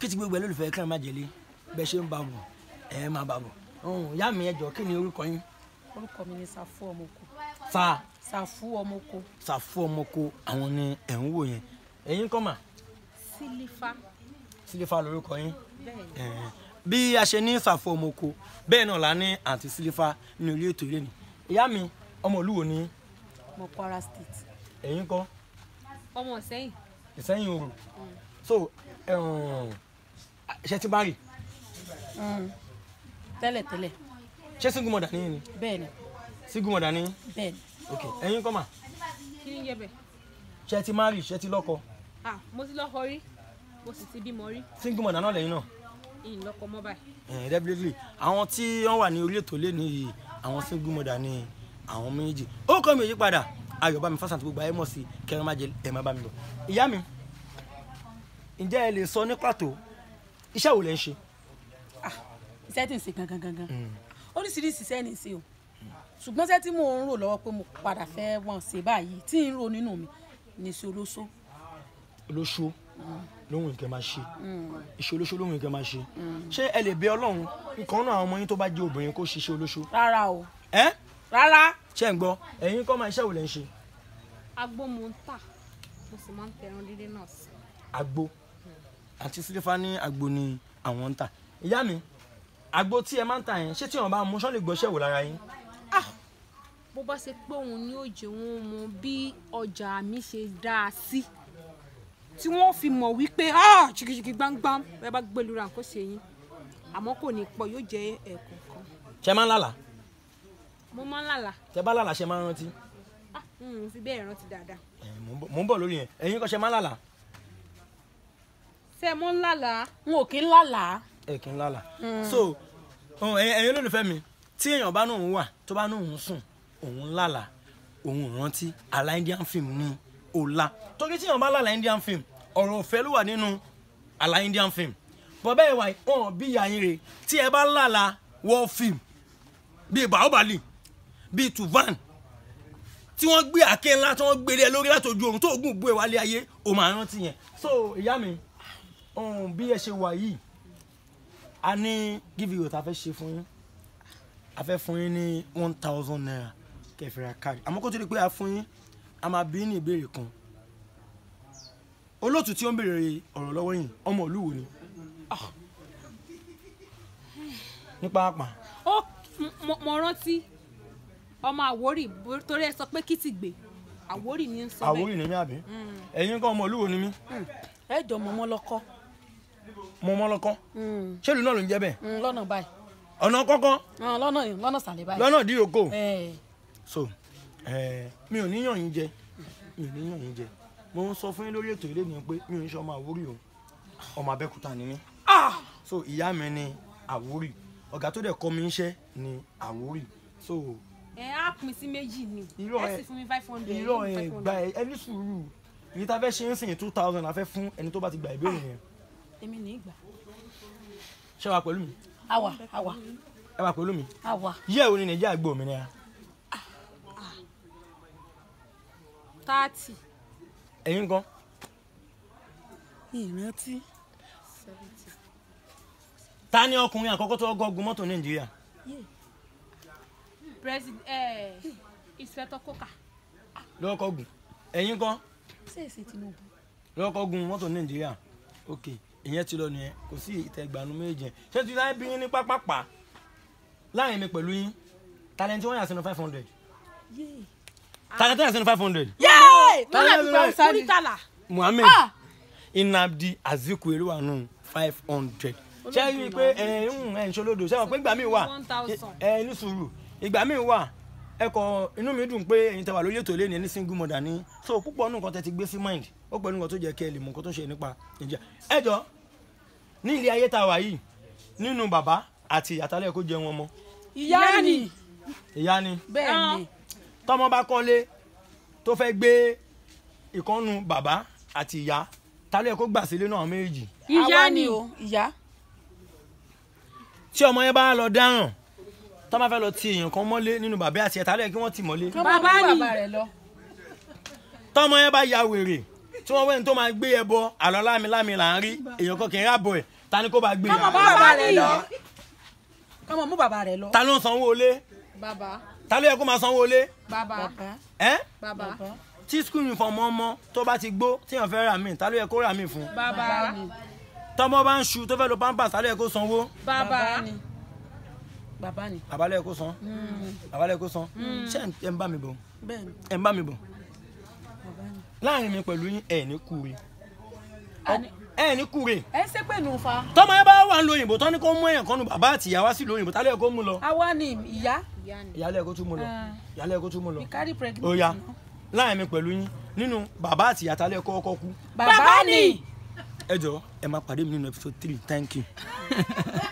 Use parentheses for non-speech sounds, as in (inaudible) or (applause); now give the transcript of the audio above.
kí ti gbogbo ẹ lólùfẹ́ kíran májèlé bẹ ṣe ń bá bọ̀ ẹ máa bá bọ̀ ìyá mi ẹ jọ kí ni orúkọ yín. orúkọ mi ni Sàfú Ọmọkọ. fa Sàfú Ọmọkọ. Sàfú Ọmọkọ àwọn ni ẹ̀ ń wò yẹn ẹ̀yin kọ́ mà. sílífà. sílífà lórúkọ yín. bẹ́ẹ̀ bí a ṣe ní Sàfú Ọmọkọ bẹ́ẹ̀ náà la ní àǹtí sílífà ní orí ètò ìlẹ́ni ìyá mi ọmọ olúwo ni. mo Kwara State. ẹ̀yin kọ́. ọmọ Ìsẹ́yìn. Ìsẹ́yìn Òru so um, ṣe ti bá rí. Mm. tẹ́lẹ̀ tẹ́lẹ̀. ṣé single mother ni yín ni. bẹ́ẹ̀ ni. single mother ni yín. bẹ́ẹ̀ ni. ok ẹ̀yin kọ́ mà. kí ni yẹ bẹ̀. ṣe ti má rí ṣe ti lọ́kọ. ah mo ti lọ́kọ rí mo sì ti bímọ rí. single mother náà lẹ́yìn náà. ìyìn lọ́kọ mọ́ báyìí. Eh, definitely àwọn tí wọ́n wà ní orí ètò lé nìyí àwọn single ni àwọn méjì ó kọ́ mi yí padà ayọ̀ bá mi fásitì gbogbo ayé mọ̀ sí kẹrin má jẹ ẹ̀ má bá mi lọ ìyá mi ǹjẹ́ ẹ lè sọ ní pàtó iṣẹ́ wo lẹ ń ṣe. Ah, iṣẹ́ tí ń ṣe gangan gangan hmm. oríṣiríṣi iṣẹ́ ní í ṣe o ṣùgbọ́n iṣẹ́ tí mò ń rò lọ́wọ́ pé mo padà fẹ́ wọ́n ṣe báyìí tí ń rò nínú mi ní iṣẹ́ olóṣó. olóṣó hmm. lóhùn ìkẹ́ máa ṣe hmm. iṣẹ́ olóṣó lóhùn ìkẹ́ máa ṣe ṣé ẹ lè bẹ ọlọ́run nǹkan náà àwọn ọmọ yín tó bá jẹ́ obìnrin kó ṣiṣẹ́ olóṣó. rárá o. rárá. ṣé ń gbọ́ ẹ̀yin kọ́ máa iṣẹ́ wo lẹ ń ṣe. agbó mo ń tà mo sì máa ń tẹran lílé náà sí. agbó àti sílífà ní àgbo ni àwọn ń tà ìyá mi àgbo tí ẹ máa ń tà yẹn ṣé tí wọn bá mú ṣán lè gbọ́ṣẹ́ wò lára yín. Ah! bó bá ṣe pé òun ni ó jẹ òun mọ bí ọjà mi ṣe dá a sí tí wọ́n fi mọ̀ wípé ah! ṣìkìṣìkì gbáǹgbáǹ ẹ bá gbẹlú ra nǹkan ṣe yín àmọ́ kò ní pọ̀ yóò jẹ́ ẹ̀ẹ̀kan kan. ṣe máa ń lálàá. mo máa ń lálàá. tẹ bá lálàá ṣe máa ń rántí. Ah! n ò fi bẹ́ẹ̀ rántí dáadáa. mò ń bọ̀ lórí yẹn ẹ̀yin kọ́ ṣe máa ń lálàá ṣe mo lala, lálàá. n ò kí ń lala. ẹ kí ń lálàá. Mm. so ẹyin olólùfẹ́ mi tí èèyàn bá nóun wà tó bá nóun sùn òun lala, lálàá òun rántí àlá indian film ni ó la torí tí èèyàn bá lálàá indian film ọ̀rọ̀ òfẹ́ ló wà nínú àlá indian film bọ́bẹ́ ìwà ìhàn bí yàyín rè tí ẹ bá lálàá war film bíi baobali bíi tuvan tí wọ́n gbé àkè ńlá tí wọ́n gbé lé lórí látòjú oorun tó gùn bú ẹ̀ wálé ayé ó máa rántí yẹn so ìyá mi bí ẹ ṣe wà yìí a ní give you ta fẹ́ ṣe fún yín a fẹ́ fún yín ní one thousand naira kẹfìrà card. àmọ́ kó tó di pé a fún yín a máa bí ní ìbéèrè kan olóòtú tí ó ń béèrè ọ̀rọ̀ lọ́wọ́ yìí ọmọ ìlú wo ni. Ah. ní pápá. ó mo rántí ọmọ àwórì torí ẹ sọ pé kí ti gbè àwórì ni ń sọ bẹ́ẹ̀. àwórì ni mí àbí mm. ẹ̀yin kọ́ ọmọ ìlú wo ni mí. Mm. ẹ jọ mọ́mọ́ lọ́kọ́ mo mọ lọkọ hmm. ṣé ìlú náà ló ń jẹ bẹ́ẹ̀. Hmm, lọ́nà báyìí. ọ̀nà kọ́kọ́. Hmm, lọ́nà lọ́nà sàlẹ̀ báyìí. lọ́nà dí oko. Eh. so eh, mi ò níyàn yín jẹ mi ò níyàn yín jẹ mo ń sọ fún yín lórí ètò ilé mi pé mi ò ń ṣe ọmọ àwórì o ọmọ abẹ́kúta ni mí. Ah! so ìyá mi ni àwórì ọ̀gá tó dẹ̀ kọ́ mi iṣẹ́ ni àwórì so. ẹ á pín sí méjì ni ẹ sì fún mi five hundred. irọ́ ẹ̀ gba ẹ ní sùúrù ìyí ta fẹ́ ṣe ń sìn two thousand la fẹ́ fún ẹni tó bá ti gba ìbéèrè yẹn èmi ní ìgbà. ṣé wàá pẹ̀lú mi. àwa àwa. ẹ wàá pẹ̀lú mi. àwa. yíyá ìwé ni nàìjíríà gbé òmìnira. thirty. ẹ̀yin nǹkan. ìrántí. ta ni ọkùnrin àkọ́kọ́ tó gọ́gun mọ́tò nàìjíríà. president eh, inspector coker. lọ́kọ̀ gùn ẹ̀yin kan. ṣèṣe tinubu. lọ́kọ̀ gùn mọ́tò nàìjíríà ok ìyẹn ti lọ nìyẹn kò sí ìtẹ̀gbànú méjì yẹn ṣé ti láì bí yín ní pápápá láàrin mi pẹ̀lú yín talenti wọ́n yà sínú five hundred talenti yà sínú five hundred. muhammed ah! inabdi azikiwe ló wà five hundred ṣé ẹ rí i pé eh, ẹ ń ṣolódò ṣé wọn pé ìgbà míì wà ẹ eh, ní sùúrù ìgbà míì wà ẹkọ inú mi dùn pé ẹ̀yin tẹ́ wà lórí ètò ìlénìí ní single mother ni so púpọ̀ nù nǹkan tẹ́ ti gbé sí mind ó pẹ̀lú nǹkan tó jẹ́ kí ẹ lè mọ nǹkan tó ṣe nípa ìjà ẹjọ́ ní ilé ayé tá a wà yìí nínú bàbá àti ìyá tálẹ̀ kó jẹ wọn mọ́. ìyá ni ìyá ni bẹ́ẹ̀ ni ah. tọ́mọ bá kọ́lé tó fẹ́ gbé ìkọ́nu bàbá àti ìyá tálẹ̀ kó gbà sílé náà méjì. ìyá ni o ìyá. tí ọmọ yẹn bá lọ dáràn tọ́ máa fẹ́ lọ ti èèyàn kan mọ́lé nínú bàbá àti ẹ̀ta lẹ́yìn kí wọ́n ti mọ́lé. bàbá ni tọ́mọ yẹn bá ya wèrè tí wọ́n wẹ́n tó máa gbé ẹbọ àlọ́ lámilámi là ń rí èèyàn kan kì í rábọ̀ ẹ̀ ta ni kó bá gbé yàrá. kọ́mọ mú bàbá rẹ̀ lọ. ta ló ń sanwó olé. bàbá. ta ló yẹ kó máa sanwó olé. bàbá. ẹ́ bàbá. tí skul uniform ọmọ tó bá ti gbó téèyàn fẹ́ rà mí ta ló yẹ kó rà mí fún. bàbá. tọ́mọ bá ń ṣu tó fẹ́ lo pampers ta ló yẹ kó sanwó. bàbá. bàbá bàbá ni. bàbá lẹ́yìn kó san hmm. bàbá lẹ́yìn kó san hmm. ṣé ẹ̀ ń bá mi bọ̀ ẹ̀ ń bá mi bọ̀ láàrin mi pẹ̀lú yín ẹ̀ ní kúre ẹ̀ ní kúre. ẹ ṣe pé nù fa. tọ́mọ ẹ bá wà ń lo òyìnbó tán ni kò mú èèyàn kan nu bàbá àti ìyá wá sí lo òyìnbó tálẹ̀ kó mú lọ. àwa ni ìyá. ìyálẹ̀ kó tún mú lọ ah. ìyálẹ̀ kó tún mú lọ. ìkárí láàrin mi pẹ̀lú yín nínú bàbá àti ìyá tálẹ̀ kó ọkọ kú. bàbá ni. ẹ jọ ẹ máa pàdé mi nínú episode three thank you. (laughs)